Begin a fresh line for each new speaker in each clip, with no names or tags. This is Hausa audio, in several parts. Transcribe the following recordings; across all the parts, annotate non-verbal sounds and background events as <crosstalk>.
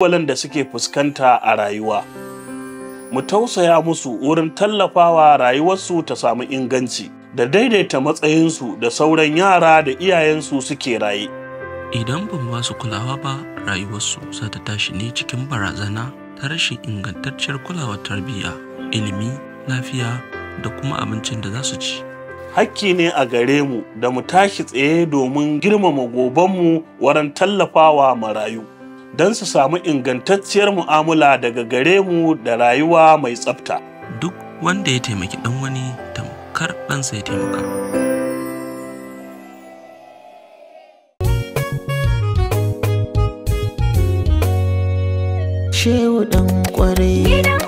kalubalen da suke fuskanta a rayuwa. Mu tausaya musu wurin tallafawa rayuwarsu ta samu inganci da daidaita matsayinsu da sauran yara da iyayensu suke raye.
Idan ban ba su kulawa ba rayuwarsu za ta tashi ne cikin barazana ta rashin ingantacciyar kulawar tarbiyya, ilimi, lafiya da kuma abincin da za su ci.
hakki ne a gare mu da mu tashi tsaye domin girmama gobanmu wurin tallafawa marayu. don su samu ingantacciyar mu'amala daga gare mu da rayuwa mai tsafta.
Duk wanda ya taimaki ɗan wani tamkar ɗansa ya taimaka.
Shehu ɗan ƙwarai.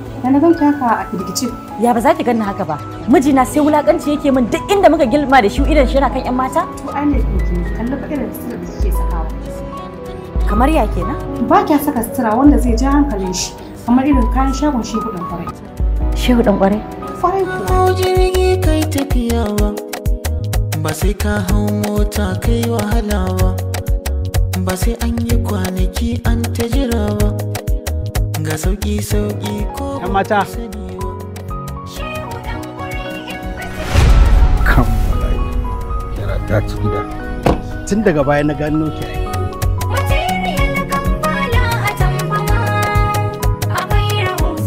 na
ban haka a firgice ya ba za ki ganni haka ba mijina sai wulakanci yake min duk inda muka gilma da shi idan shi yana kan ƴan mata to ai ne kinki kallon ba irin sutura da kike sakawa kamar ya kenan ba kya saka sutura wanda zai ja hankalin shi kamar irin kayan shagon shehu dan kwarai Shi dan kwarai kwarai kuwa jirgi kai tafiya ba
ba sai ka hau mota kai wahala ba ba sai an yi
kwanaki an ta jira ba
ga sauki sauki
ko mata kan mala kira ta ci gida tun daga baya na gano ki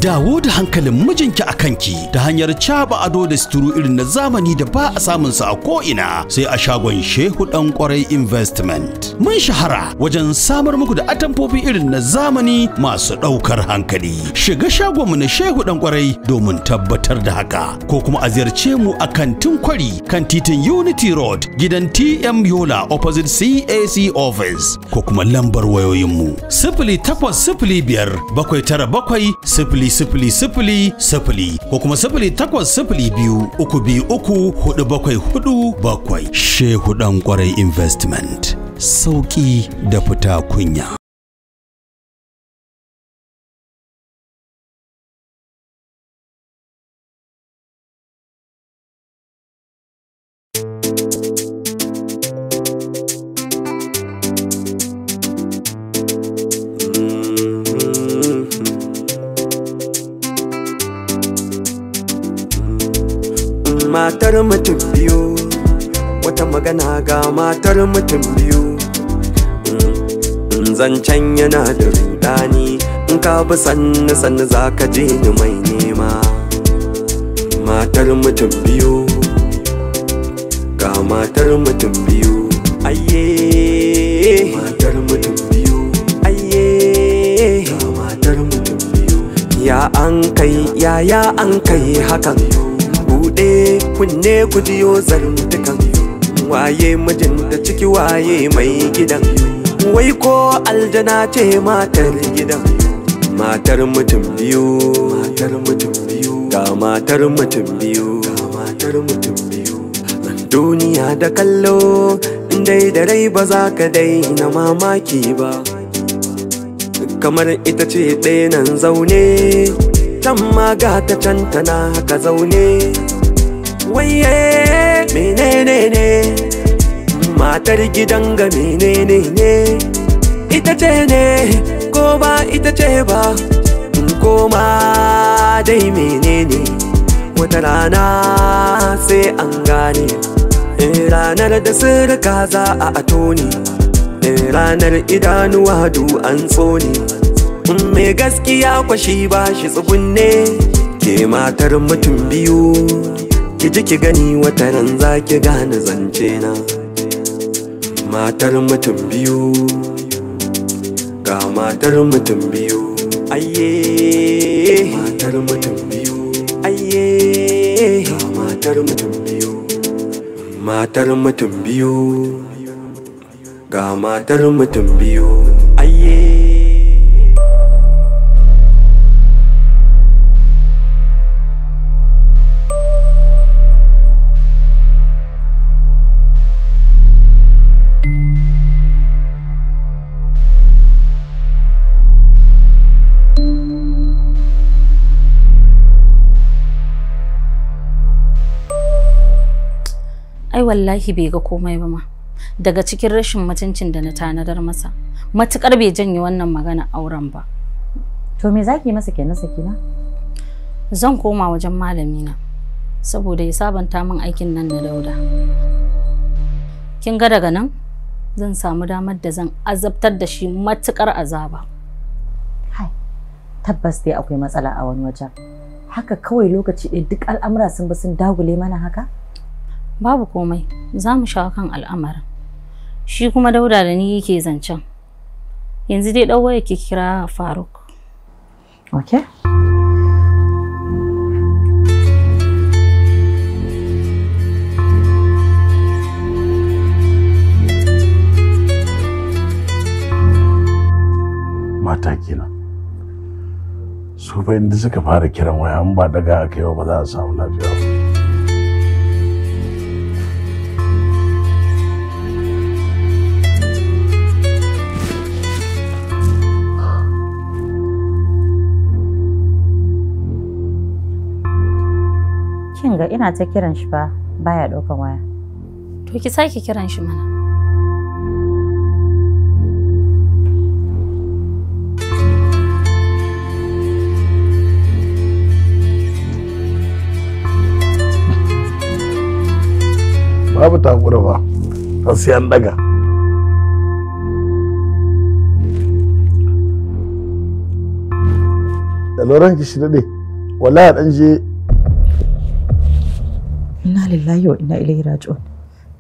dawo da hankalin mijinki a kanki ta hanyar caba ado da suturu irin na zamani da ba a samun sa a ko'ina sai a shagon shehu dan kwarai investment mun shahara wajen samar muku da atamfofi irin na zamani masu ɗaukar hankali shiga shagon mu na shehu dan kwarai domin tabbatar da haka ko kuma a ziyarce mu a kantin kwari kan titin unity road gidan tm yola opposite cac office ko kuma lambar wayoyinmu sifili takwas sifili biyar bakwai tara bakwai sifili sifili sifili sifili ko kuma sifili takwas sifili biyu uku biyu uku hudu bakwai hudu bakwai shehu dan kwarai investment sauki da fita kunya
matar mutum biyu wata magana ga matar mutum biyu mm, mm, zancen yana da rudani in ka bi sannu sannu za ka je ni mai nema matar mutum biyu ga matar mutum biyu ayye matar mutum biyu ayye ga matar mutum biyu ya an kai ya ya an kai hakan buɗe kunne ku jiyo zaruntukan waye mijinta ciki waye mai gidan wai ko aljana ce matar gidan matar mutum biyu matar mutum biyu ga matar mutum biyu ga matar mutum biyu duniya da kallo dai da rai ba za ka daina mamaki ba kamar ita ce ɗaya nan zaune can ma ga ta can tana haka zaune waye menene ne matar gidan ga menene ne ita ce ne ko ba ita ce ba koma dai menene wata rana sai an gane ranar da sirka za a ato ne ranar idanuwa du an tsone mai gaskiya kwashi ba shi tsugunne ke matar mutum biyu ki ji ki gani wataran za ki gane zance na matar mutum biyu ga matar mutum biyu ayye matar mutum biyu ayye matar mutum biyu matar mutum biyu ga matar mutum biyu
wallahi bai ga komai ba ma daga cikin rashin mutuncin da na tanadar masa matukar bai janye wannan magana auren ba to me zaki masa kenan sakina zan koma wajen malami na saboda ya sabanta min aikin nan na dauda kin ga daga nan zan samu damar da zan azabtar da shi matukar azaba hai tabbas dai akwai matsala a wani wajen haka kawai lokaci ɗaya duk al'amura sun bi sun dagule mana haka babu komai za mu shawo kan al'amarin shi kuma dauda da ni yake zancen yanzu dai ɗan waya ke kira faruk
okay.
mata kenan su fa inda suka fara kiran waya an ba daga kai ba za a samu lafiya ba
ga ina ta kiran shi ba baya ɗaukan waya. To ki sake kiran shi mana.
Babu takura ba, har sai an daga. Da lauran ki shi daɗe,
wallahi ɗan je
Inna lillahi wa inna ilaihi raji'un.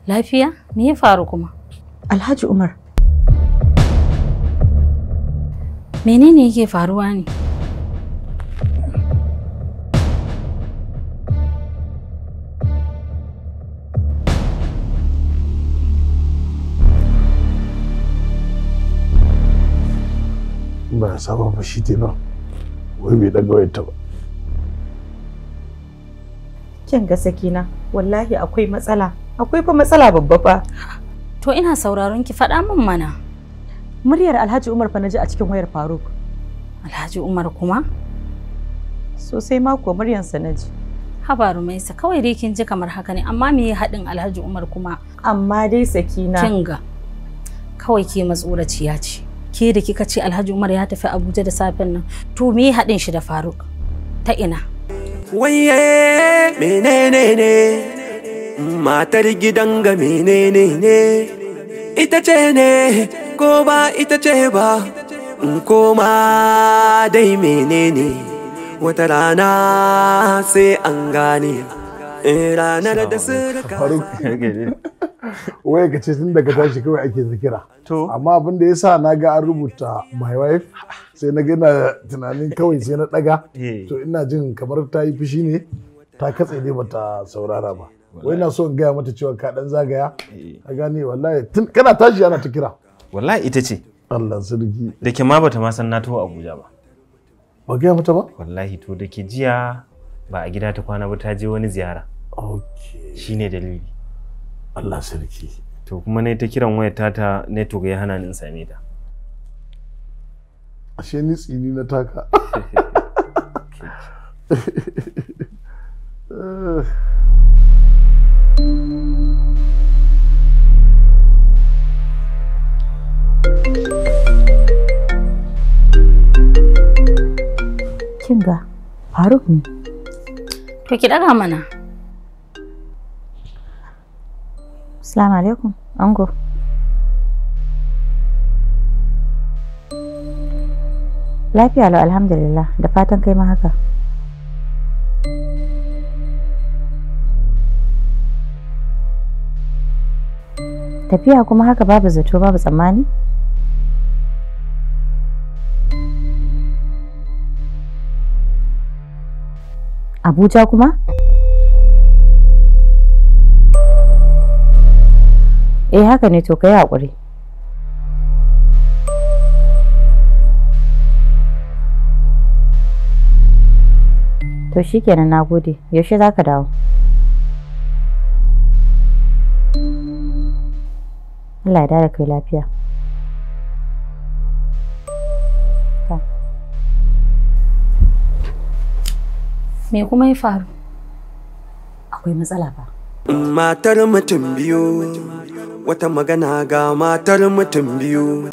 Lafiya? Me ya faru kuma? Alhaji Umar. Menene yake faruwa ne?
ba saba ba shi ba wai bai daga wayarta ba
kin ga sakina wallahi akwai matsala akwai fa matsala babba fa to ina sauraron ki faɗa min mana muryar Alhaji Umar fa naji a cikin wayar Faruk Alhaji Umar kuma sosai ma ko sa naji habaru sa kawai dai kin ji kamar haka ne amma me ya haɗin Alhaji Umar kuma amma dai sakina kin ga kawai ke matsoraciya ce ke da kika ce Alhaji Umar ya tafi Abuja da safen nan to me ya haɗin shi da Faruk ta ina
waye menene ne matar gidan ga menene ne ita ce ne ko ba ita ce ba koma dai menene wata rana sai an gane eh, ranar da suruka.
wai ka ce tun daga tashi kawai ake zikira amma abin da ya sa na ga an rubuta my wife sai na gina tunanin kawai sai na daga eh. to ina jin kamar ta yi fushi ne ta katse ne bata saurara ba wai na so in gaya mata cewa ka dan
zagaya eh. a gane wallahi tun kana tashi ana ta kira wallahi ita ce Allah sarki da ke ma bata ma san na taho Abuja ba ba gaya mata ba wallahi to da ke jiya ba a gida ta kwana ba ta je wani ziyara okay shine dalili Allah sarki to kuma ne ta kiran wayar ta ta network ya hana ni in same ta ashe ni tsini na taka
Kin ga Faruk ne.
To ki ɗaga mana. Assalamu alaikum, ango. lafiya lau alhamdulillah da fatan kai ma haka tafiya kuma haka babu zato babu tsammani abuja kuma eh haka ne to kai haƙuri To shikenan na gode, yaushe za ka dawo? Allah ya dare kai lafiya. Me kuma ya faru? Akwai matsala ba.
Matar mutum biyu, wata magana ga matar mutum biyu.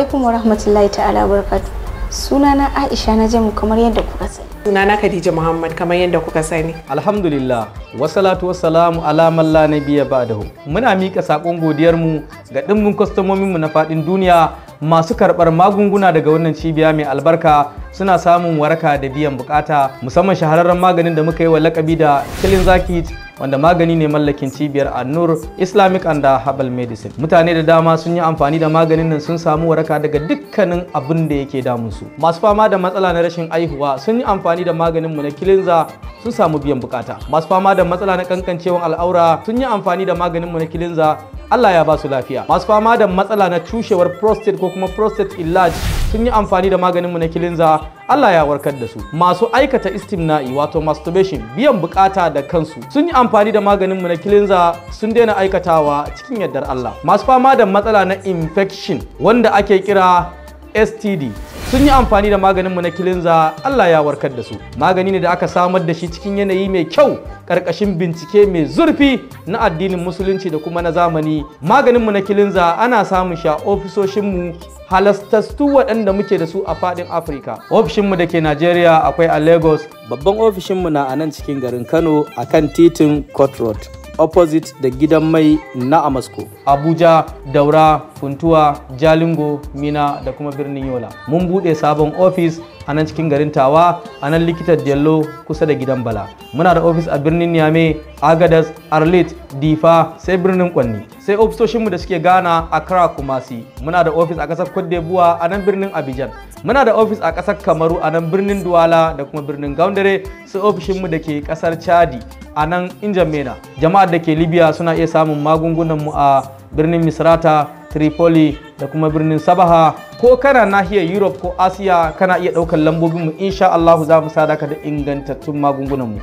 alaikum warahmatullahi ta'ala barkatu Sunana Aisha na jamu kamar yadda kuka sani.
Sunana Khadija Muhammad kamar yadda kuka sani. Alhamdulillah, wasalatu wassalamu ala man la nabiyya ba'dahu. Muna mika saƙon godiyar mu ga ɗimbin kwastomomin mu na faɗin duniya masu karɓar magunguna daga wannan cibiya mai albarka suna samun waraka da biyan bukata musamman shahararren maganin da muka yi wa lakabi da killing zakit wanda magani ne mallakin cibiyar annur islamic and herbal medicine mutane da dama sun yi amfani da maganin nan sun samu waraka daga dukkanin abin da yake damunsu masu fama da matsala na rashin aihuwa sun yi amfani da maganin mu na kilinza sun samu biyan bukata masu fama da matsala na kankancewan al'aura sun yi amfani da maganin mu na kilinza Allah ya ba su lafiya masu fama da matsala na cushewar prostate ko kuma prostate enlarge sun yi amfani da maganinmu na kilinza Allah ya warkar da su masu aikata istimna'i wato masturbation biyan bukata da kansu sun yi amfani da maganinmu na kilinza sun daina aikatawa cikin yardar Allah masu fama da matsala na infection wanda ake kira STD sun yi amfani da maganinmu na kilinza Allah ya warkar da su magani ne da aka samar da shi cikin yanayi mai kyau karkashin bincike mai zurfi na addinin musulunci da kuma na zamani maganinmu na kilinza ana samun shi a ofisoshinmu halastastu waɗanda muke da su a faɗin afirka ofishinmu da ke najeriya akwai a lagos babban ofishinmu na a nan cikin garin kano akan titin court road opposite da gidan mai na Amasko. Abuja, Daura, Funtuwa, Jalingo, Mina da kuma birnin Yola. Mun buɗe sabon ofis a nan cikin garin tawa a nan likitar diallo kusa da gidan bala muna da ofis a birnin yame agadas arlit difa sai birnin kwanni sai ofisoshinmu da suke gana a kara kumasi muna da ofis a ƙasar cote d'ivoire a nan birnin abidjan muna da ofis a ƙasar kamaru a nan birnin duwala da kuma birnin gaundare sai ofishinmu da ke ƙasar chadi a nan injamena jama'ar da ke libya suna iya samun magungunanmu a birnin misrata tripoli da kuma birnin sabaha ko kana nahiyar europe ko asiya kana iya ɗaukar lambobinmu insha allahu za mu sadaka da ingantattun magungunanmu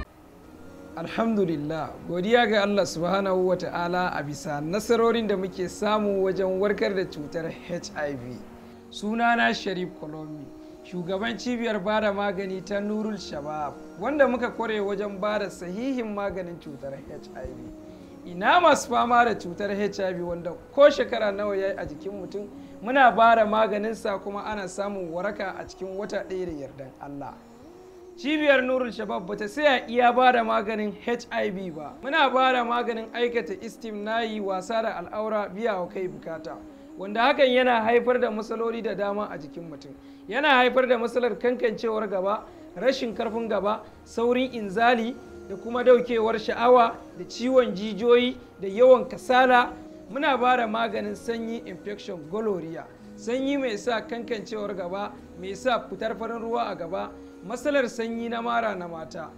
alhamdulillah godiya ga allah subhanahu wa ta'ala a bisa nasarorin da muke samu wajen warkar da cutar hiv sunana sharif kolomi shugaban cibiyar bada magani ta nurul shabab wanda muka kware wajen bada sahihin maganin cutar hiv ina masu fama da cutar hiv wanda ko shekara nawa ya yi a jikin mutum muna bara sa kuma ana samun waraka a cikin wata ɗaya da yardan allah cibiyar nurul shabab bata saya iya ba da maganin hiv ba muna ba maganin aikata istim nayi wasa da al'aura biya wa kai bukata wanda hakan yana haifar da matsaloli da dama a jikin mutum yana haifar da matsalar kankancewar gaba rashin karfin gaba saurin inzali da kuma daukewar sha'awa da ciwon jijiyoyi da yawan kasala muna ba da maganin sanyi infection gonorrhea sanyi mai sa kankancewar gaba mai sa fitar farin ruwa a gaba matsalar sanyi na mara na mata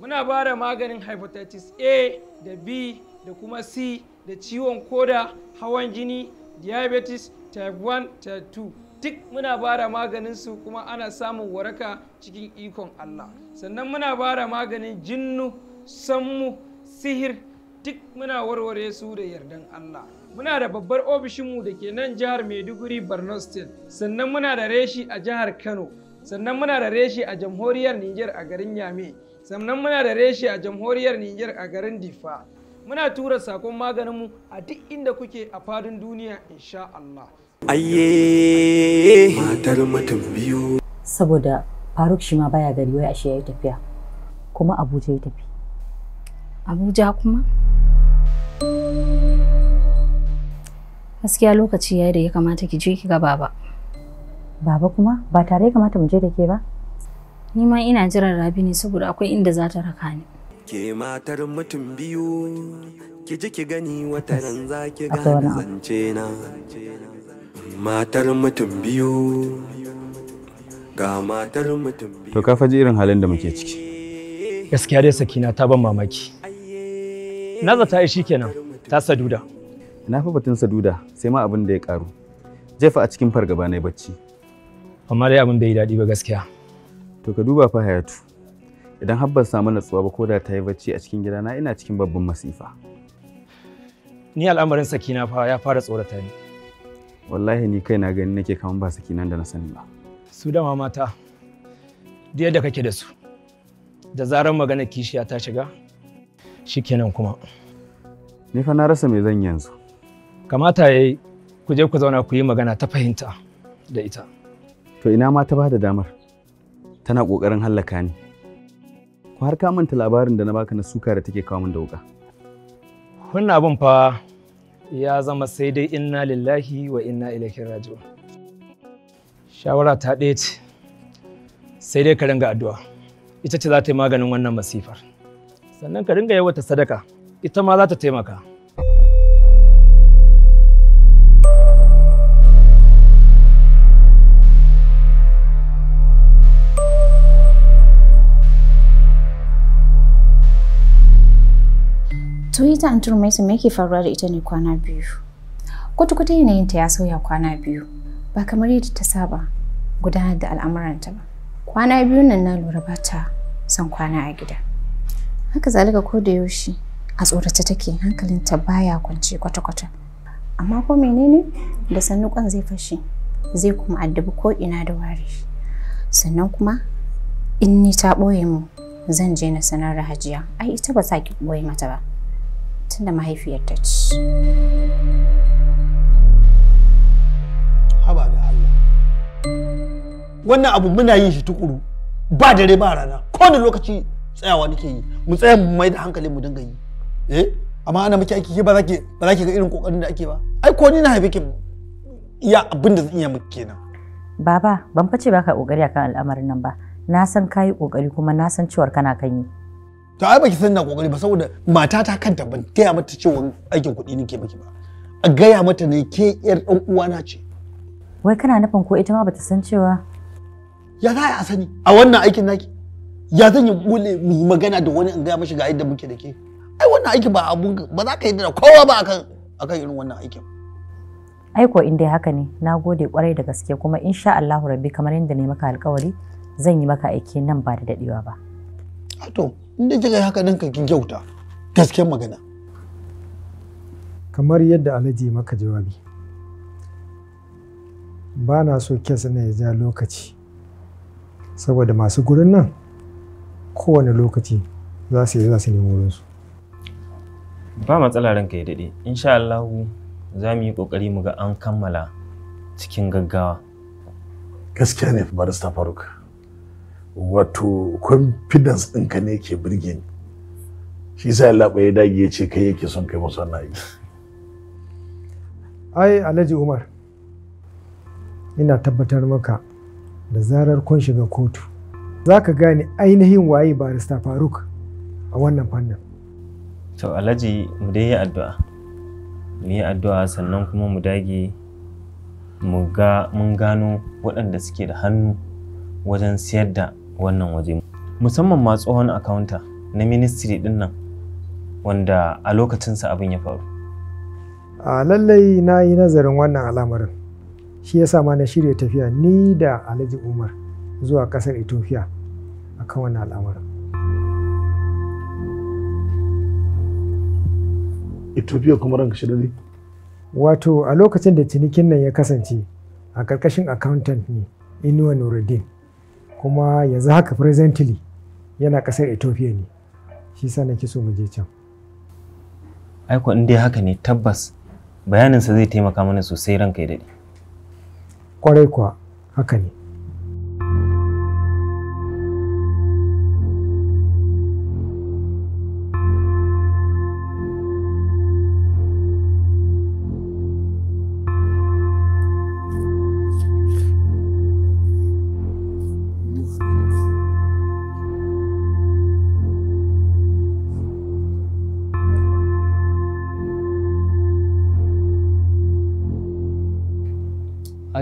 muna ba da maganin hepatitis a da b da kuma c da ciwon koda hawan jini diabetes type 1 type 2 duk muna bara maganin su kuma ana samun waraka cikin ikon Allah sannan muna bara maganin jinnu sammu sihir duk muna warware su da yardan Allah muna da babbar ofishinmu da ke nan jihar maiduguri borno state sannan muna da reshi a jihar kano sannan muna da reshi a jamhuriyar niger a garin yame sannan muna da reshi a jamhuriyar niger a garin difa muna tura sakon maganinmu a duk inda kuke a fadin duniya insha Allah.
Ayye matar mutum biyu.
Saboda Faruk shi ma baya gari wai ashe ya tafiya kuma Abuja ya tafi. Abuja kuma? Gaskiya lokaci yayi da ya kamata ki je ki ga baba. Baba kuma ba tare ya kamata mu je da ke ba? Ni ma ina jiran Rabi ne saboda akwai inda za ta raka ni.
ke matar mutum biyu ki ji ki gani ran za ki gane zance na matar mutum biyu ga matar mutum
biyu to ka faji irin halin da muke ciki
gaskiya dai sakina ta ban
mamaki na yi shi kenan ta saduda na fa batun saduda sai ma abin da ya karu jefa a cikin fargaba na bacci amma dai abin bai daɗi ba gaskiya to ka duba fa hayatu idan har ban samu natsuwa ba ko da ta yi bacci a cikin gidana ina cikin babban masifa
ni al'amarin sakina fa ya fara tsorata ni
wallahi ni kai na gani nake kaman ba sakina da na sani ba
su da mata da yadda kake da su da zarar magana kishiya ta shiga
shikenan kuma ni fa na rasa me zan yanzu
kamata yayi ku je ku zauna ku yi magana ta fahimta da ita
to ina ma ta ba da damar tana ƙoƙarin hallaka ni ko har ka manta labarin da na baka na suka da take kawo min da wuka
wannan bin fa ya zama sai dai inna lillahi wa inna ilaihi raji'un
shawara ta ɗaya ce
sai dai ka ringa addu'a ita ce za ta yi maganin wannan masifar sannan ka ringa yawata sadaka ita ma za ta taimaka
To ita an turmai su yake faruwa da ita ne kwana biyu. Kwata-kwata ta ya sauya kwana biyu. Ba kamar yadda ta saba gudanar da al'amuranta ba. Kwana biyu nan na lura ba ta son kwana a gida. Haka zalika ko da yaushe a tsorata take hankalin ta baya kwance kwata-kwata. Amma ko menene da sannukan zai fashe zai kuma addabi ko ina da wari. Sannan kuma in ni ta ɓoye mu zan je na sanar da hajiya ai ita ba za ki ɓoye mata ba. abincin da mahaifiyar ta Wannan abu
muna yin shi tukuru ba dare ba rana ko da lokaci
tsayawa nake yi
mu tsaya mu mai da hankali mu dinga yi. Eh amma ana miki aiki ke ba za ki ba za ga irin kokarin da ake ba. Ai ko ni
na haife ki ya abin da zan iya miki kenan. Baba ban fice baka kokari akan al'amarin nan ba. Na san kayi kokari kuma na san cewar kana kan yi. to ai baki san na kokari ba saboda mata ta kanta ban taya mata cewa aikin kuɗi nake baki ba a gaya mata
ne ke yar dan uwana ce
wai kana nufin ko ita ma bata san cewa
ya za a sani a wannan aikin naki ya zan yi bule mu magana da wani in gaya mashi ga yadda muke da ke ai wannan aiki ba abun ba za ka yi da kowa ba akan akan irin wannan aikin
aiko in dai haka ne na gode kwarai da gaske kuma insha Allahu rabbi kamar yadda ne maka alƙawari
zan yi maka aiki nan ba da dadewa ba to inda kika yi haka nan ka kyauta gasken magana kamar yadda alhaji maka jawabi ba na so kes na ya lokaci saboda masu gurin nan kowane lokaci za su yi za su nemo wurinsu
ba matsala ranka ya daɗe insha Allahu za mu yi ƙoƙari mu ga an kammala cikin gaggawa gaskiya ne barista faruk wato confidence ɗinka ne ke birge ni shi sa laɓa ya dage yace ce kai yake son kai masa wannan
ai alhaji umar ina tabbatar maka da zarar kun shiga kotu za ka gane ainihin waye barista faruk a wannan fannin
to alhaji mu dai yi addu'a mu yi addu'a sannan kuma mu dage mu mun gano waɗanda suke da hannu wajen siyar da wannan waje musamman ma tsohon akawunta na ministry din nan wanda a lokacinsa abin ya faru
a lallai na yi nazarin wannan al'amarin shi ya sa ma na shirya tafiya ni da alhaji umar zuwa kasar ethiopia a kan wannan al'amarin
ethiopia kuma ranka shi dare
wato a lokacin da cinikin nan ya kasance a karkashin accountant ne inuwa nuruddin kuma yanzu haka presently yana kasar ethiopia ne shi sa kitso so mu je can
aiko in dai haka ne tabbas bayaninsa zai taimaka mana sosai ranka ya daɗe
kwarai kuwa haka ne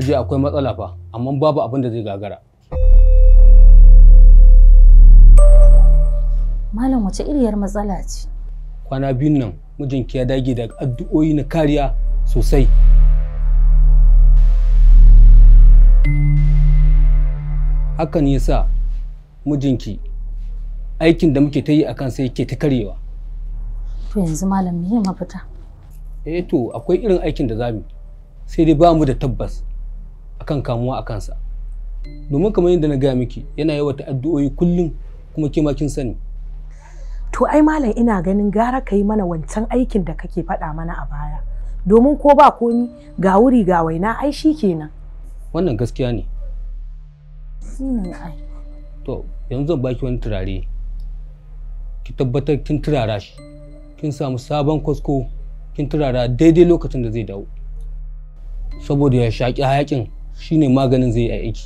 je akwai matsala fa amma babu abin da zai gagara
malam wace iriyar matsala ce
kwana biyun nan mijinki ya dage da addu'o'i na kariya sosai hakan ya sa mijinki aikin da muke ta yi akan sai yake ta karyewa
to yanzu malam me mafita
eh to akwai irin aikin da zamu sai dai ba mu da tabbas akan kamuwa a kansa domin kamar yadda na gaya miki yana yawata addu'o'i kullum kuma kima kin sani
to ai malam ina ganin gara ka yi mana wancan aikin da kake faɗa mana a baya domin ko ba komi ga wuri ga waina ai shi kenan
wannan gaskiya ne to yanzu zan baki wani turare ki tabbatar kin turara shi kin samu sabon kwasko kin turara daidai lokacin da zai dawo saboda ya shaƙi hayakin shine maganin zai yi aiki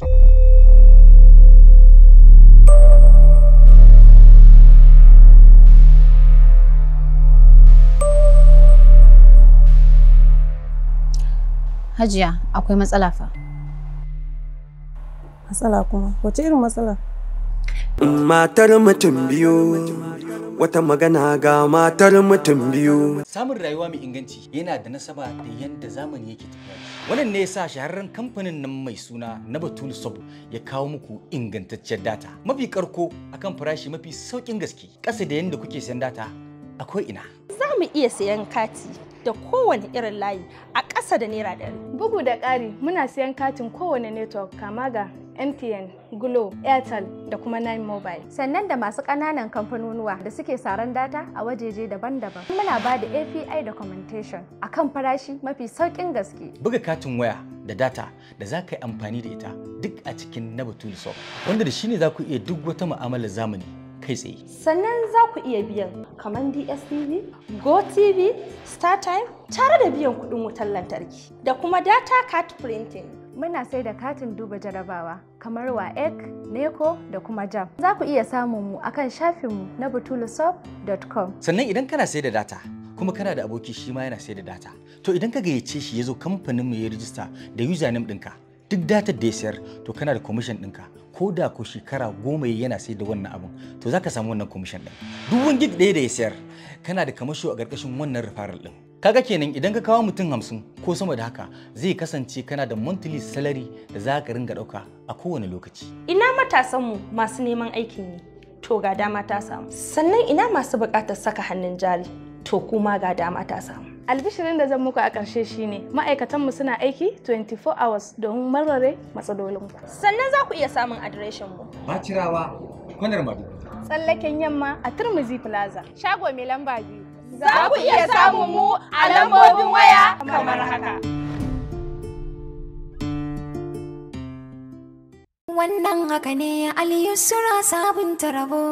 Hajiya akwai matsala fa. Matsala kuma?
Wace irin matsala?
Matar mutum biyu wata magana ga matar mutum biyu.
Samun rayuwa mai inganci yana da nasaba da yadda zamani yake tafiya. Wannan ne sa shahararren kamfanin nan mai suna na Batul Sub ya kawo muku ingantaccen data mafi karko akan farashi mafi saukin gaske. Ƙasa da yadda kuke sayan data akwai ina.
Za mu iya sayan kati da kowane irin layi a ƙasa da naira ɗari.
Bugu da ƙari muna siyan katin kowane network kama ga MTN, Glo, Airtel da kuma Nine Mobile. Sannan da masu ƙananan kamfanonuwa da suke saran data a wajeje daban-daban. Muna ba da API documentation a kan farashi mafi sauƙin
gaske. Buga katin waya da data da za ka yi amfani da ita duk a cikin na Batulu wanda da shi ne za ku iya duk wata mu'amalar zamani kai tsaye.
Sannan za ku iya biyan kamar DSTV, GoTV, StarTime tare da biyan kuɗin wutar lantarki
da kuma data card printing. Muna sai da katin duba jarabawa kamar WAEC, NECO da kuma JAM. Za ku iya samun mu akan shafinmu na butulusop.com.
Sannan idan kana sai da data, kuma kana da aboki shi ma yana sai da data. To idan ka gayyace shi ya zo kamfaninmu ya rijista da username ɗinka, duk datar da ya sayar to kana da commission ɗinka ko da ko shekara goma yana sai da wannan abin, to za ka samu wannan commission din duk wani gig ɗaya da ya sayar kana da kamasho a ƙarƙashin wannan referral din kaga kenan idan ka kawo mutum hamsin ko sama da haka zai kasance kana da monthly salary da za ka ringa ɗauka a kowane lokaci
ina matasanmu masu neman aikin yi to ga dama ta samu sannan ina masu buƙatar saka hannun jari to kuma ga dama ta samu albishirin da zan muku a ƙarshe shine ma'aikatanmu suna aiki 24 hours domin marware matsalolinku sannan za ku iya samun adireshinmu
bacirawa kwanar madu
tsallaken yamma a turmuzi plaza shago mai lamba biyu za ku iya samun mu a lambobin waya kamar haka wannan haka ne aliyusura sabunta rabo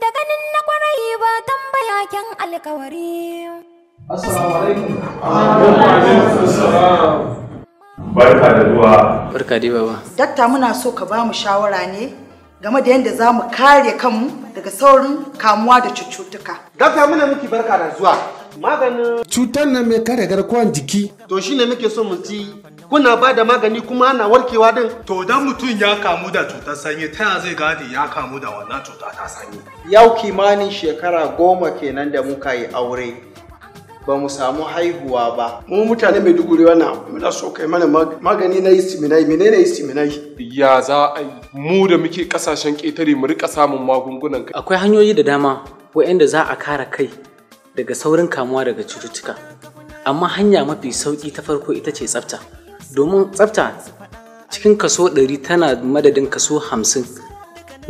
da ganin na kwarai ba tambaya kyan alkawari
Assalamu alaikum. Barka da zuwa. Barka dai baba.
Dakta muna so ka ba mu shawara ne game da yadda za mu kare kanmu daga saurin kamuwa da cututtuka.
Dakta muna miki barka da zuwa. Maganin cutar nan mai kare garkuwar jiki. To shi ne muke so mu ci kuna ba da magani kuma ana warkewa din. To dan mutum ya kamu da cutar sanyi ta ya zai gane ya kamu da wannan cuta ta sanyi. Yau kimanin shekara goma kenan da muka yi aure. ba mu samu haihuwa ba
mu mutane mai duguri
wannan muna so kai mana magani na isiminai menene siminai ya za a yi mu da muke kasashen ƙetare mu rika samun magungunan kai akwai hanyoyi da dama waɗanda za a kare kai daga saurin kamuwa daga cututtuka amma hanya mafi sauƙi ta farko ita ce tsafta domin tsafta cikin kaso ɗari tana madadin kaso hamsin.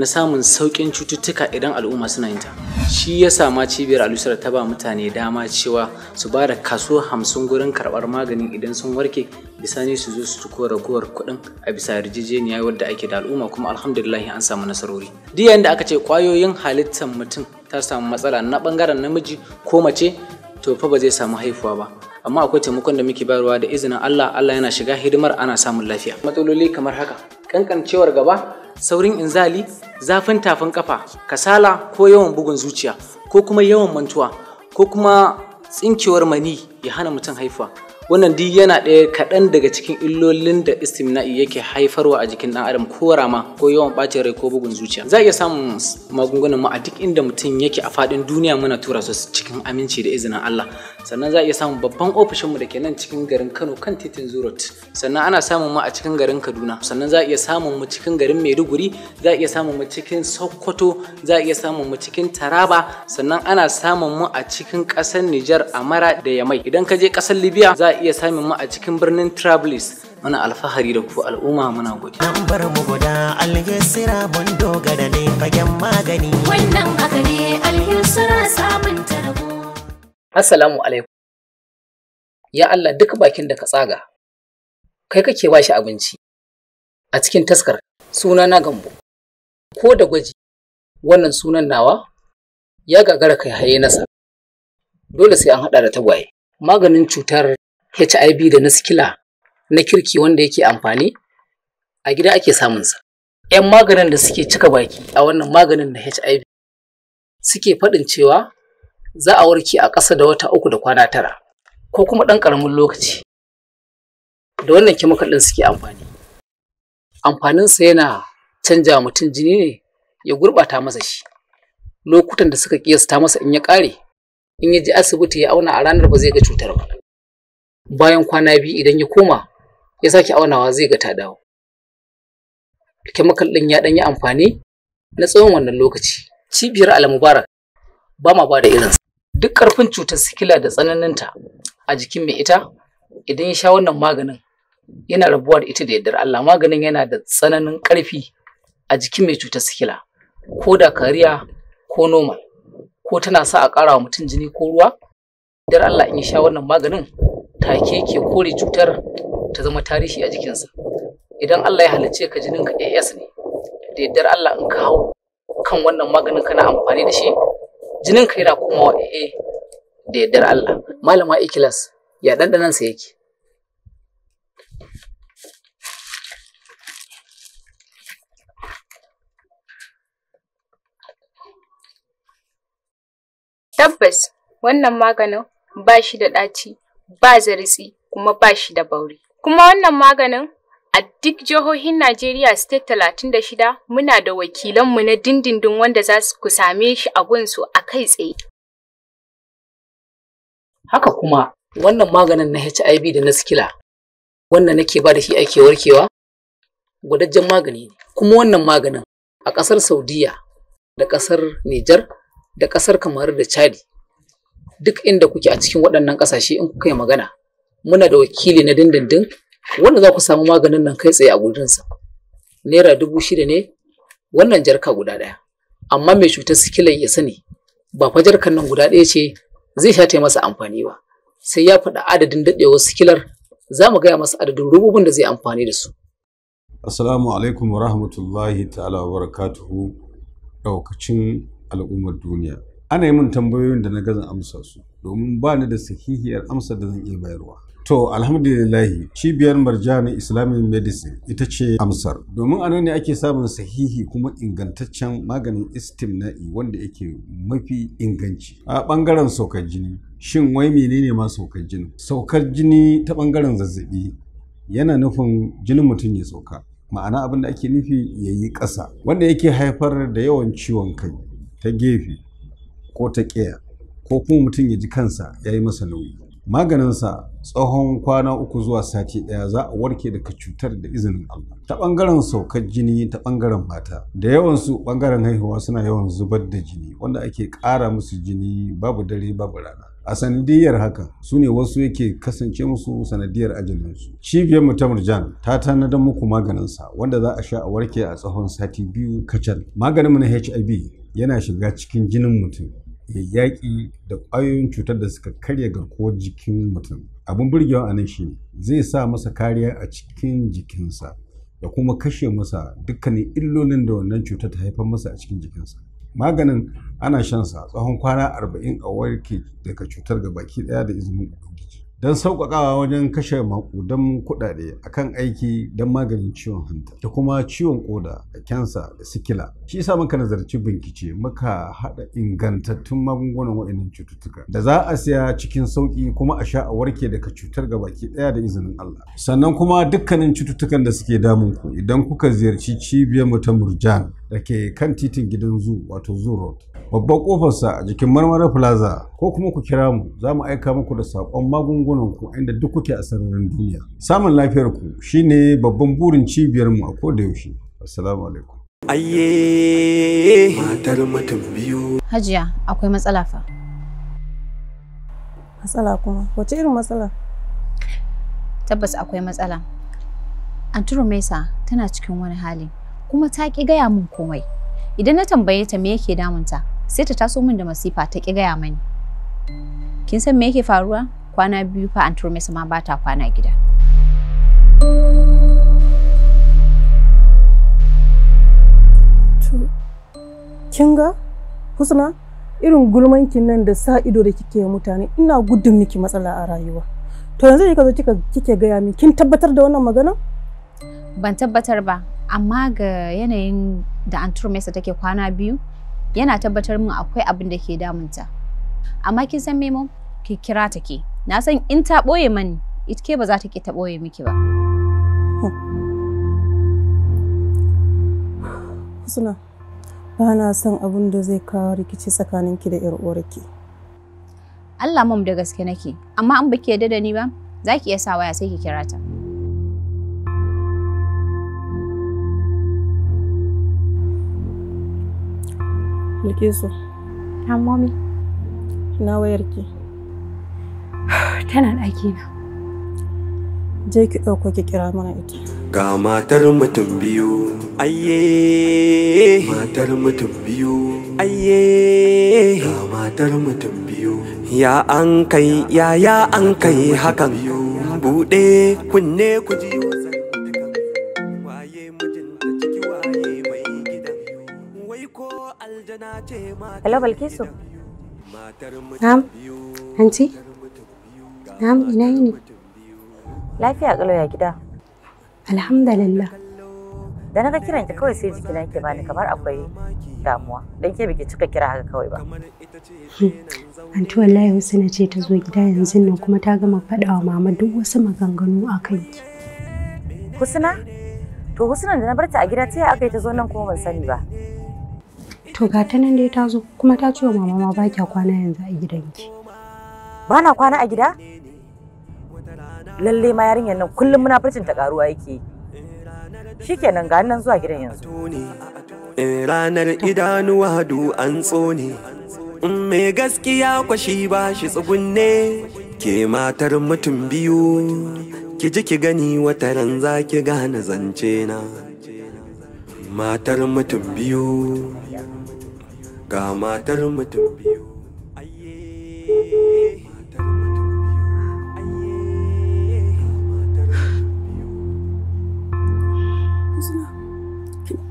na samun sauƙin cututtuka idan al'umma suna yin ta shi ya sama cibiyar alusar ta ba mutane dama cewa su ba da kaso hamsin gurin karɓar maganin idan sun warke bisa ne su zo su tuko raguwar kuɗin a bisa yarjejeniya wadda ake da al'umma kuma alhamdulillah an samu nasarori duk yayin aka ce kwayoyin halittar mutum ta samu matsala na ɓangaren namiji ko mace to fa ba zai samu haifuwa ba amma akwai taimakon da muke bayarwa da izinin Allah Allah yana shiga hidimar ana samun lafiya matsaloli kamar haka kankancewar gaba saurin inzali zafin tafin kafa kasala ko yawan bugun zuciya ko kuma yawan mantuwa ko kuma tsinkewar mani ya hana mutum haifuwa wannan duk yana ɗaya kaɗan daga cikin illolin da istimna'i yake haifarwa a jikin ɗan adam ko rama ko yawan ɓacin rai ko bugun zuciya za a iya samun magungunan mu a duk inda mutum yake a faɗin duniya muna tura su cikin aminci da izinin Allah sannan za a iya samun babban ofishinmu da ke nan cikin garin Kano kan titin Zurot sannan ana samun mu a cikin garin Kaduna sannan za a iya samun mu cikin garin Maiduguri za a iya samun mu cikin Sokoto za a iya samun mu cikin Taraba sannan ana samun mu a cikin ƙasar Nijar Amara da Yamai idan ka je ƙasar Libya za a iya samun mu a cikin birnin Trablis muna alfahari da ku al'umma muna gode. Nan bar mu guda alhisira mun dogara ne fagen magani.
Wannan haka ne alhisira
samun tarbo. Assalamu alaikum. Ya Allah duk bakin da ka tsaga, kai kake ba shi abinci. A cikin taskar suna na gambo. Ko da gwaji wannan sunan nawa ya gagara kai haye nasa. Dole sai an haɗa da tagwaye. Maganin cutar hiv da na sikila na kirki wanda yake amfani a gida ake samunsa 'yan maganin da suke cika baki a wannan maganin na hiv suke faɗin cewa za a warke a ƙasa da wata uku da kwana tara ko kuma ɗan ƙaramin lokaci da wannan kimikal ɗin suke amfani amfaninsa yana canja mutum jini ne ya gurɓata masa shi lokutan da suka ƙiyasta masa in ya ƙare in ya je asibiti ya auna a ranar ba zai ga cutar ba bayan kwana biyu idan ya koma ya sake aunawa zai ga ta dawo chemical ɗin ya ɗan yi amfani na tsawon wannan lokaci cibiyar al-mubarak ba ma ba da irinsa duk ƙarfin cutar sikila da tsananinta a jikin mai ita idan ya sha wannan maganin yana rabuwa da ita da yaddar Allah maganin yana da tsananin ƙarfi a jikin mai cutar sikila ko da kariya ko normal ko tana sa a ƙara wa mutum jini ko ruwa yardar Allah in ya sha wannan maganin take ke kore cutar ta zama tarihi a jikinsa idan Allah ya halicce ka jinin ka AS ne da yaddar Allah in ka hau kan wannan maganin kana amfani da shi jinin ka yana wa AA da yaddar Allah malama ikilas ya dandanan sa yake
tabbas wannan maganin ba shi da ɗaci ba zaritsi kuma ba shi da bauri. Kuma wannan maganin a duk jihohin Najeriya state shida muna da wakilanmu na dindindin wanda za ku same shi a gunsu a kai tsaye.
Haka kuma wannan maganin na HIV da na sikila wannan nake ba da shi ake warkewa gudajen magani ne. Kuma wannan maganin a ƙasar Saudiya da ƙasar Nijar da ƙasar kamar da Chadi duk inda kuke a cikin waɗannan ƙasashe in kuka yi magana muna da wakili na dindindin wanda za ku samu maganin nan kai tsaye a gurinsa naira dubu shida ne wannan jarka guda ɗaya amma mai cutar sikilan ya sani ba fa jarkan nan guda ɗaya ce zai sha masa amfani ba sai ya faɗa adadin daɗewar sikilar za mu gaya masa adadin rububin da zai amfani da su
assalamu alaikum wa rahmatullahi ta'ala wa barakatuhu ɗaukacin al'ummar duniya ana yi min tambayoyin da na gaza amsa su domin ba ni da sahihiyar amsa da zan iya bayarwa to alhamdulillahi cibiyar marjani islamic medicine ita ce amsar domin a nan ne ake samun sahihi kuma ingantaccen maganin istimna'i wanda yake mafi inganci a bangaren saukar jini shin wai menene ma saukar jini saukar jini ta bangaren zazzabi yana nufin jinin mutum ya sauka ma'ana abin da ake nufi ya yi ƙasa wanda yake haifar da yawan ciwon kai ta gefe ko ta ƙiya ko kuma mutum ya ji kansa ya yi masa nauyi maganinsa tsawon kwana uku zuwa sati ɗaya za a warke daga cutar da izinin Allah ta ɓangaren saukar jini ta ɓangaren mata da yawansu ɓangaren haihuwa suna yawan zubar da jini wanda ake ƙara musu jini babu dare babu rana a sanadiyar hakan su ne wasu yake kasance musu sanadiyar ajalinsu cibiyar mu Jan ta tanadar muku maganinsa wanda za a sha a warke a tsawon sati biyu kacal maganinmu na hiv yana shiga cikin jinin mutum ya yaƙi da ƙwayoyin cutar da suka karya ga garkuwar jikin mutum abin burgewa a nan shi zai sa masa kariya a cikin jikinsa da kuma kashe masa dukkanin illolin da wannan cutar ta haifar masa a cikin jikinsa maganin ana shansa tsawon kwana arba'in a warke daga cutar ga baki ɗaya da izinin don sauƙaƙawa wajen kashe maƙudan kuɗaɗe akan aiki don maganin ciwon hanta da kuma ciwon ƙoda da kyansa da sikila shi yasa muka nazarci bincike muka haɗa ingantattun magungunan waɗannan cututtuka da za a siya cikin sauƙi kuma a sha a warke daga cutar gabaki ɗaya da izinin Allah sannan kuma dukkanin cututtukan da suke damun ku idan kuka ziyarci cibiyar mu ta Murjan da ke kan titin gidan zu wato Zoo Road babbar kofarsa a jikin marmara plaza ko kuma ku kira mu za mu aika muku da saƙon magungunan ku inda duk kuke a sararin duniya samun lafiyar ku shine babban burin cibiyar mu a koda yaushe assalamu alaikum
ayye matar mutum biyu
hajiya akwai matsala fa matsala kuma wace irin matsala tabbas akwai matsala anturu mesa tana cikin wani hali kuma ta ki gaya min komai idan na tambaye ta me yake damunta sai ta taso min da masifa ta ki gaya mani kin san me yake faruwa kwana biyu fa an turme masa ma ta kwana gida
kin ga husna irin gulmankin nan da sa ido da kike mutane ina gudun miki matsala a rayuwa to yanzu kika zo kika kike gaya min kin tabbatar da wannan magana
ban tabbatar ba amma ga yanayin da an take kwana biyu yana tabbatar min akwai abin da ke damunta. Amma kin san memo ki kira ta ke. Na san in ta ɓoye mani, ita ke ba za ta ke ta ɓoye miki ba. Suna, <sighs> ba na son abin da zai kawo rikici tsakanin ki da 'yar uwarki. Allah mam da gaske nake, amma an baki yarda da ni ba, za ki iya sa waya sai ki kira ta.
Bilkisu. Na'am mami. Ina wayar ki? <sighs> Tana ɗaki na. Je ki ɗauko ki kira mana ita.
Ga matar mutum biyu. Ayye. Matar mutum biyu. Ayye. Ga matar mutum biyu. Ya an kai, ya ya an kai hakan. Buɗe kunne ku ji. Hello Balkisu.
Na'am. Hanci? Na'am ina yini? Lafiya ƙalo ya gida. Alhamdulillah. Da na ka kiran ki kawai sai jikina yake bani kamar akwai damuwa. Dan ke biki cika kira haka kawai ba. Hmm. Anti wallahi na ce ta zo gida yanzu nan kuma ta gama faɗawa mama duk wasu maganganu a kanki. Husna? To Husna da na barta a gida ta aka yi ta zo nan kuma ban sani ba. To ga ta nan dai ta zo kuma ta ce wa mama ma ba kya kwana yanzu a gidanki. Ba na kwana a gida? Lalle ma yarinyar nan kullum muna furcin ta karuwa yake. Shikenan ga nan zuwa gidan yanzu.
Eh, ranar idanuwa du an tsone. Me gaskiya kwashi ba shi tsugunne ke matar mutum biyu ki ji ki gani wata ran za ki gane zance na matar mutum biyu ga matar mutum biyu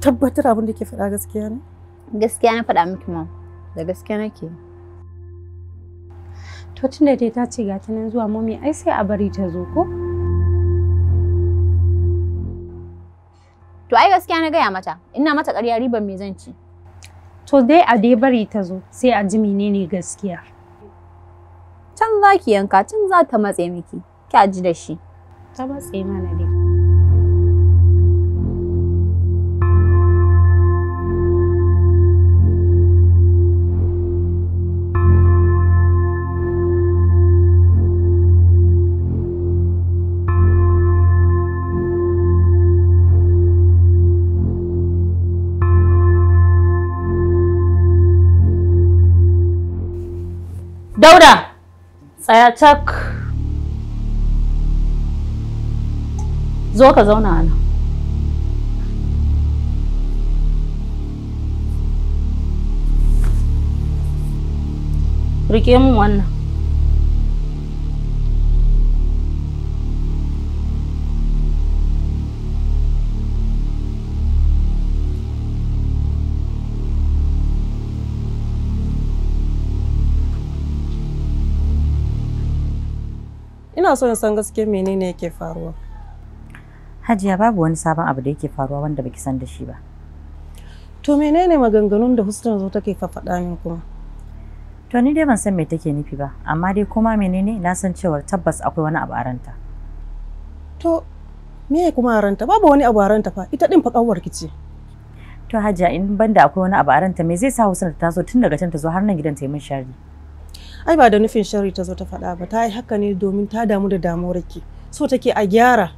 tabbatar abin da ke faɗa gaskiya ne? Gaskiya na faɗa miki ma da gaskiya nake. To tun da dai ta ce ga ta nan zuwa mami ai sai a bari ta zo ko? To ai gaskiya na gaya mata ina mata ƙarya riban me zan ci. to dai a dai bari ta zo sai a ji menene gaskiya can za ki yanka can za ta matse miki a ji da shi ta matse mana dai
Dauda, tsaya cak. Zo ka zauna nan. Rike min wannan. ina so in san gaske menene yake faruwa. Hajiya babu wani sabon abu da yake faruwa wanda baki san da shi ba. To menene maganganun da Husna zo take faɗa min kuma? To ni dai ban san me take nufi ba, amma dai kuma menene na san cewa tabbas akwai wani abu a ranta. To me kuma a ranta? Babu wani abu a ranta fa, ita din fa kawar ce. To Hajiya in banda akwai wani abu a ranta me zai sa Husna ta zo tun daga can ta zo har nan gidan ta yi min sharri? ai ba da nufin shari ta zo ta faɗa ba ta yi haka ne domin ta damu da damuwar ki so take a gyara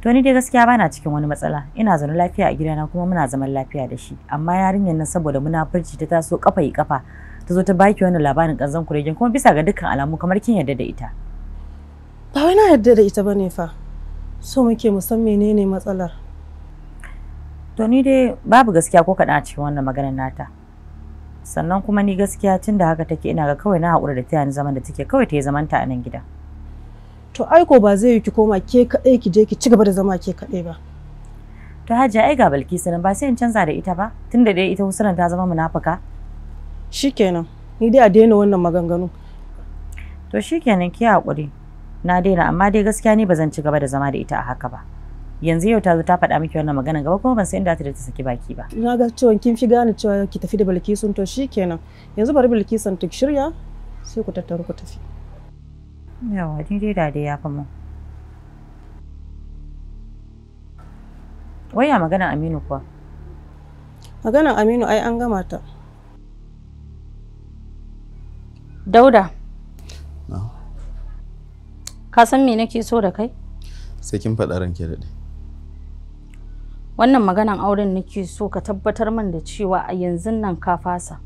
to ni dai gaskiya bana cikin wani matsala ina zaune lafiya a gidana kuma muna zaman lafiya da shi amma yarinyar nan saboda munafurci ta taso kafa yi kafa ta zo ta baki wannan labarin kanzan kuregen kuma bisa ga dukkan alamu kamar kin yarda da ita ba wai na yarda da ita bane fa so muke mu san menene matsalar to ni dai babu gaskiya ko kaɗan a cikin wannan maganar nata sannan kuma ni gaskiya tun da haka take ina ga kawai na haƙura da ta ni zaman da take kawai ta yi zamanta a nan gida to aiko ba zai yi ki koma ke kaɗai ki je ki ci gaba da zama ke kaɗai ba to hajiya ai ga balkisu nan ba sai in canza da ita ba tun da dai ita husnan ta zama munafuka shikenan ni dai a daina wannan maganganu to shikenan ki haƙuri na daina amma dai gaskiya ni ba zan ci gaba da zama da ita a haka ba yanzu yau ta zo ta faɗa miki wannan magana gaba kuma ban san inda ta da ta saki baki ba na ga cewa kin fi gane cewa ki tafi da Bilkisun to shikenan yanzu bari Bilkisun ta shirya sai ku tattaro ku tafi yawa ni dai da dai ya fa mu waya magana Aminu kuwa magana Aminu ai an gama ta Dauda Ka san me nake so da kai?
sai kin faɗa ranke daɗe.
wannan maganan auren nake so ka tabbatar min da cewa a yanzu nan ka fasa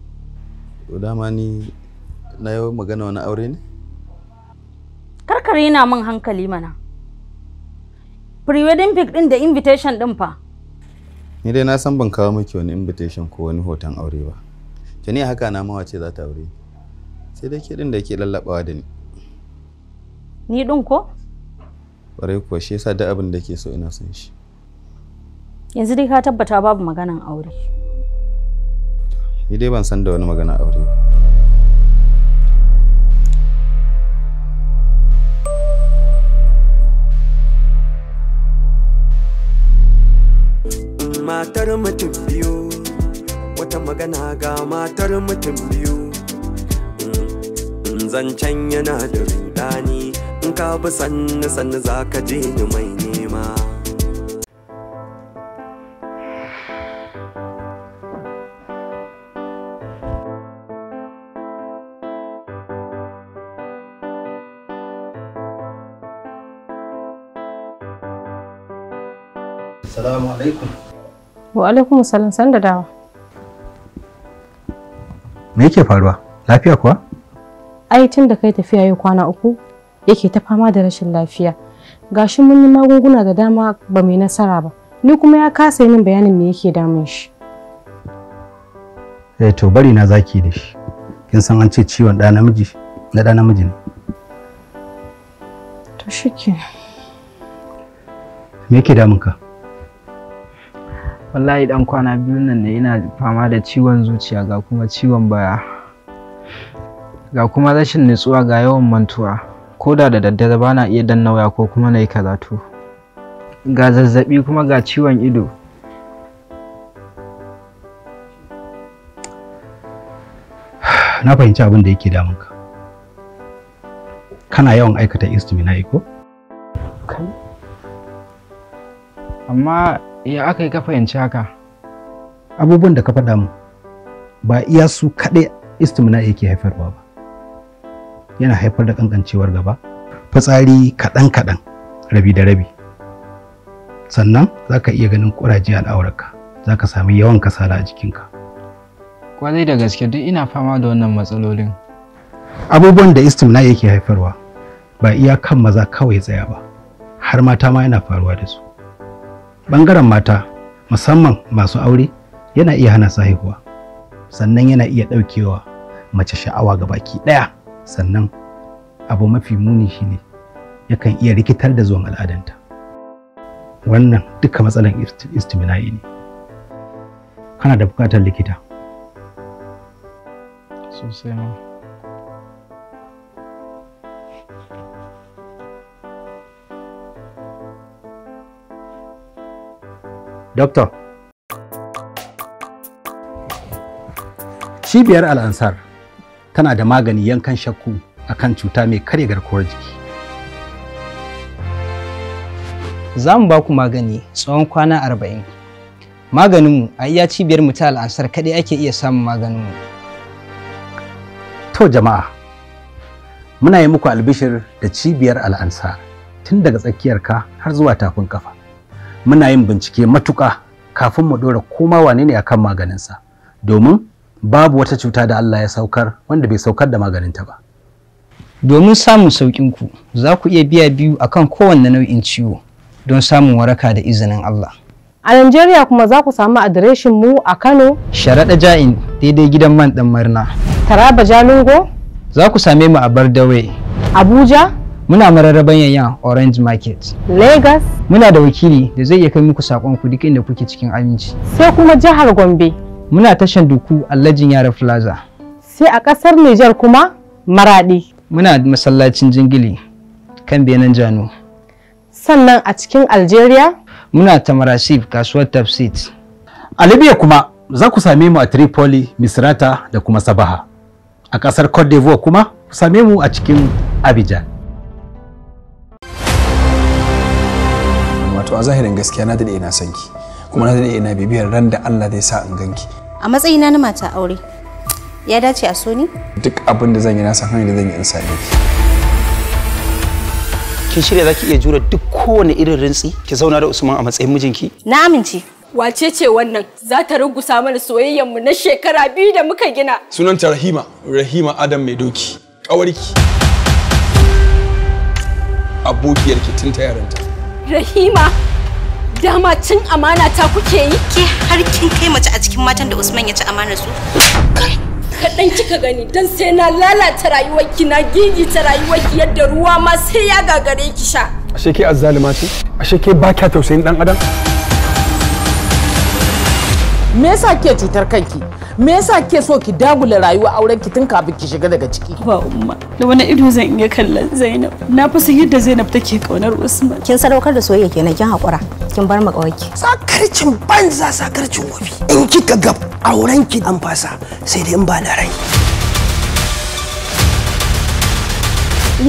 dama ni na yi magana wani aure ne
karkare na min hankali mana pre-wedding pic din da invitation din fa
ni dai na san ban kawo miki wani invitation ko wani hoton aure ba tuni haka na mawa ce za ta aure sai dai ke din da ke lallabawa da ni ni din ko ware kuwa shi yasa duk abin da ke so ina son shi
Yanzu dai ka tabbata babu maganan aure.
Ni dai ban san da wani magana aure ba.
Matar mutum biyu wata magana ga matar mutum biyu. Mm, zancen yana da rudani in ka bi sannu sannu za ka je ni mai
alaikum.
Wa alaikum salam san da dawa.
Me yake faruwa? Lafiya kuwa?
Ai tun da kai tafiya yau kwana uku yake ta fama da rashin lafiya. Gashi mun yi magunguna da dama ba mai nasara ba. Ni kuma ya kasa yin bayanin me yake damun shi.
Eh to bari na zaki da shi. Kin san an ce ciwon ɗa namiji na da namiji ne. To shike. Me yake damun ka?
wallahi dan kwana biyu nan ne ina fama da ciwon zuciya ga kuma ciwon baya ga kuma rashin nutsuwa ga yawan mantuwa ko da da daddare ba na iya danna waya ko kuma na yi karatu ga zazzabi kuma ga ciwon ido
<sighs> na fahimci abin da yake damunka kana yawan aikata istimina iko?
amma Ya aka yi ka fahimci haka?
Abubuwan da ka faɗa mu ba iya su kaɗai istimna yake haifarwa ba. Yana haifar da ƙanƙancewar gaba, fitsari kaɗan-kaɗan, rabi da rabi. Sannan za ka iya ganin ƙuraje al'aurarka, za ka sami yawan kasala a jikinka.
zai da gaske duk ina fama da wannan matsalolin.
Abubuwan da istimna yake haifarwa ba iya kan maza kawai tsaya ba, har mata ma yana faruwa da su. Bangaren mata, musamman masu aure, yana iya hana su haihuwa. Sannan yana iya ɗaukewa mace sha'awa ga baki ɗaya. Sannan abu mafi muni shine yakan iya rikitar da zuwan al'adanta. Wannan duka matsalan istimina'i ne. Kana da bukatar likita.
Sosai ma.
Doktor.
Cibiyar Al'ansar tana da magani yankan shakku a kan cuta mai karya garkuwar jiki. Za
mu ba ku magani tsawon kwana arba'in. Maganinmu a iya cibiyar mu ta Al'ansar kaɗai ake iya samun maganinmu.
To jama'a, muna yi muku albishir da cibiyar Al'ansar tun daga tsakiyar ka har zuwa tafin kafa. muna yin bincike matuƙa kafin mu ɗora koma wane ne akan maganinsa domin babu wata cuta da Allah ya saukar wanda bai saukar da maganin ta ba. Domin samun saukin ku za ku iya biya biyu akan kowanne nau'in
ciwo don samun waraka da izinin Allah.
A Najeriya kuma za ku samu adireshin mu a Kano. Sharaɗa
Ja'in daidai gidan man ɗan Marna. Taraba Jalingo. Za ku same mu a Bardawe. Abuja. Muna mararraban yayan Orange Market. Lagos. Muna da wakili da zai iya kai muku sakon ku duk inda kuke cikin aminci. Sai kuma jihar Gombe. Muna tashan duku Allajin Yara Plaza. Sai a ƙasar niger kuma Maradi. Muna masallacin Jingili kan Benin Jano.
Sannan a cikin Algeria. Muna Tamarasif kasuwar Tafsit. A Libya kuma za ku same mu a Tripoli, Misrata da kuma Sabaha. A ƙasar Cote d'Ivoire kuma ku same mu a cikin Abidjan. to a zahirin gaskiya na daɗe ina son ki kuma na daɗe ina bibiyar ran da Allah zai sa in ganki
a matsayina na mata aure ya dace a so ni
duk abin da zan yi na san hanyar da zan yi in same ki kin shirya zaki iya jura duk kowane irin rintsi ki zauna da Usman a matsayin mijinki
na amince wace ce wannan za ta rugusa mana soyayyar mu na shekara biyu da muka gina
sunanta rahima rahima adam mai doki kawarki abokiyarki tun ta yaranta
Rahima, dama cin amana ta kuke yi? Ke har kin kai mace a cikin matan da Usman ya ci amana su? kaɗan kika gani don sai na lalata
rayuwarki na gigita rayuwarki yadda ruwa ma sai ya gagare ki sha.
Ashe ke azzalima ce? Ashe ke ba kya tausayin ɗan adam?
me yasa ke cutar kanki me yasa ke so ki dagula rayuwa auren ki tun kafin ki shiga daga ciki ba umma da wani ido zan iya kallon Zainab na fi san yadda Zainab take kaunar Usman
kin sadaukar da soyayya kenan kin hakura kin bar makawaki sakarcin banza sakarcin wofi
in kika gab auren ki an fasa sai dai in ba na rai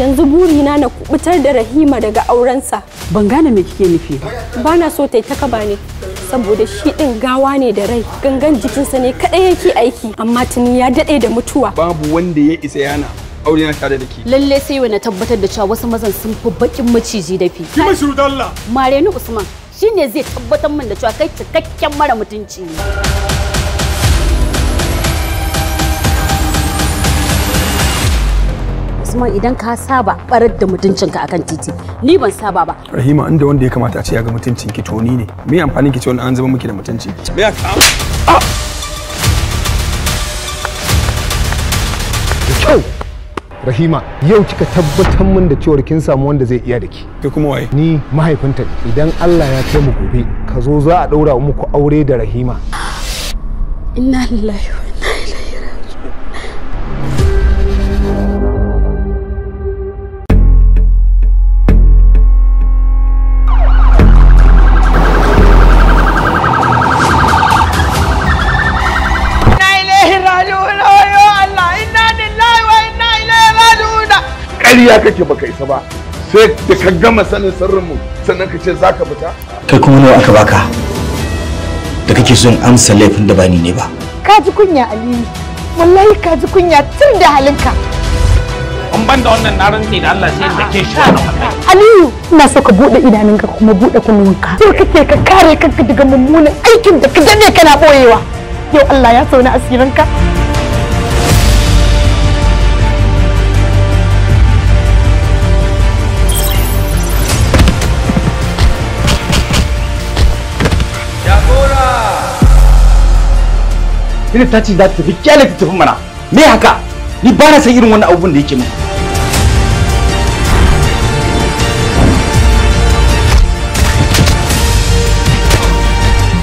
yanzu burina na kubutar da Rahima daga aurensa ban gane me kike nufi ba na so ta yi ta kaba ne saboda shi din gawa ne da rai gangan jikinsa ne kadai yake aiki amma tuni ya daɗe da mutuwa
babu wanda ya isa yana aure na tare da ke
lalle sai wani tabbatar da cewa wasu mazan sun fi bakin maciji da fi kuma shi dalla mare usman shine zai tabbatar min da cewa kai cikakken mara mutunci ne Usman idan ka saba barar da mutuncinka akan titi ni ban saba ba
Rahima inda wanda ya kamata a ce ya ga mutuncin ki to ni ne me amfanin ki ce wannan an zama miki da mutunci
me ya ka ah! kyau
Rahima yau kika tabbatar min da cewar kin samu wanda zai iya da ki. Kai kuma waye? Ni mahaifinta Idan Allah ya kai mu gobe ka zo za a daura muku aure da Rahima.
Inna lillahi
ya kake baka isa ba sai da ka gama sanin sirrinmu sannan ka ce za ka fita
kai kuma nawa aka baka da kake son amsa laifin da bani ne ba
ka ji kunya aliyu wallahi ka ji kunya tun da halinka
An ban da wannan narin rantsi da Allah sai da ke shi
Aliyu ina so ka bude idanunka kuma bude kunnuwanka so kake ka kare kanka daga mummunan aikin da ka dade kana boyewa yau Allah ya sauna asirinka
Ina ta ce za ta tafi kyale ta tafi mana. Me haka? Ni ba na san irin wannan abubuwan da yake min.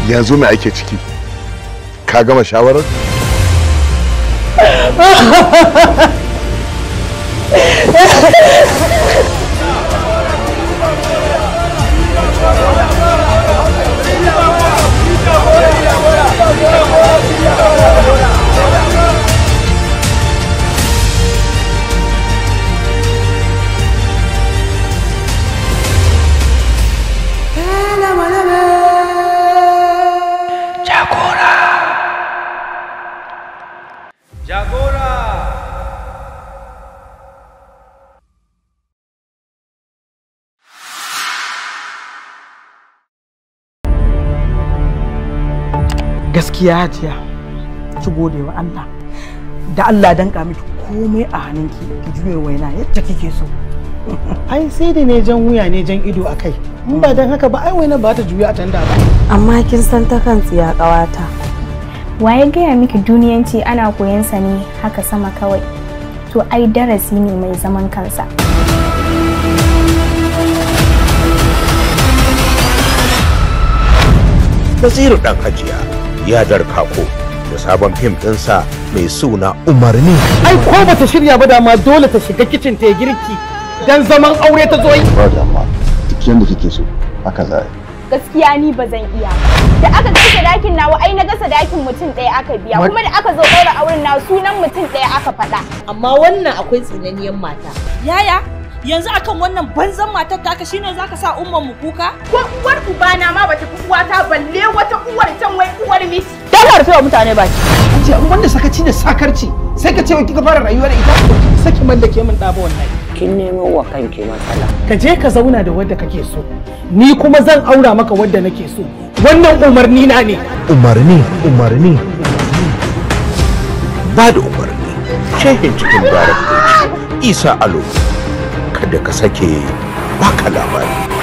Yanzu me ake ciki?
Ka gama shawarar?
Ha ha ha
ha!
gaskiya hajiya ki gode wa Allah da Allah danka miki komai a hannunki ki juye waina yadda kike so <laughs> ai sai da ne jan wuya ne jan ido a kai
in ba dan haka ba ai waina ba ta juya a tanda ba amma kin san ta kan tsiya kawata
waye gaya miki duniyanci ana koyan sa ne haka sama kawai to ai
darasi ne mai zaman kansa
Nasiru ɗan hajiya yadar kako da sabon fim ɗinsa mai suna umarni ai
ko bata shirya ba dama dole ta shiga kicin ta girki dan zaman aure ta zo yi ba dama
duk yanda kike
so haka za
gaskiya ni ba zan iya da aka ga dakin nawa ai na ga sadakin mutum ɗaya aka biya kuma da aka zo ɗaura auren na sunan mutum ɗaya aka faɗa amma wannan
akwai tsinaniyar mata yaya yanzu akan wannan banzan matar taka shine zaka sa umman
mu kuka ko uwar ubana ma bata fi ta balle wata uwar can wai uwar miji dan
ka
rufe mutane baki ce wanda sakaci da sakarci sai ka ce wai kika fara rayuwa da ita saki mallake min da wannan
kin nemo wa kanki matsala
ka je ka zauna da wanda kake so ni kuma zan aura maka wanda nake so wannan umarni na ne
umarni umarni ba da umarni shehin cikin garar
isa alo kada ka sake baka labari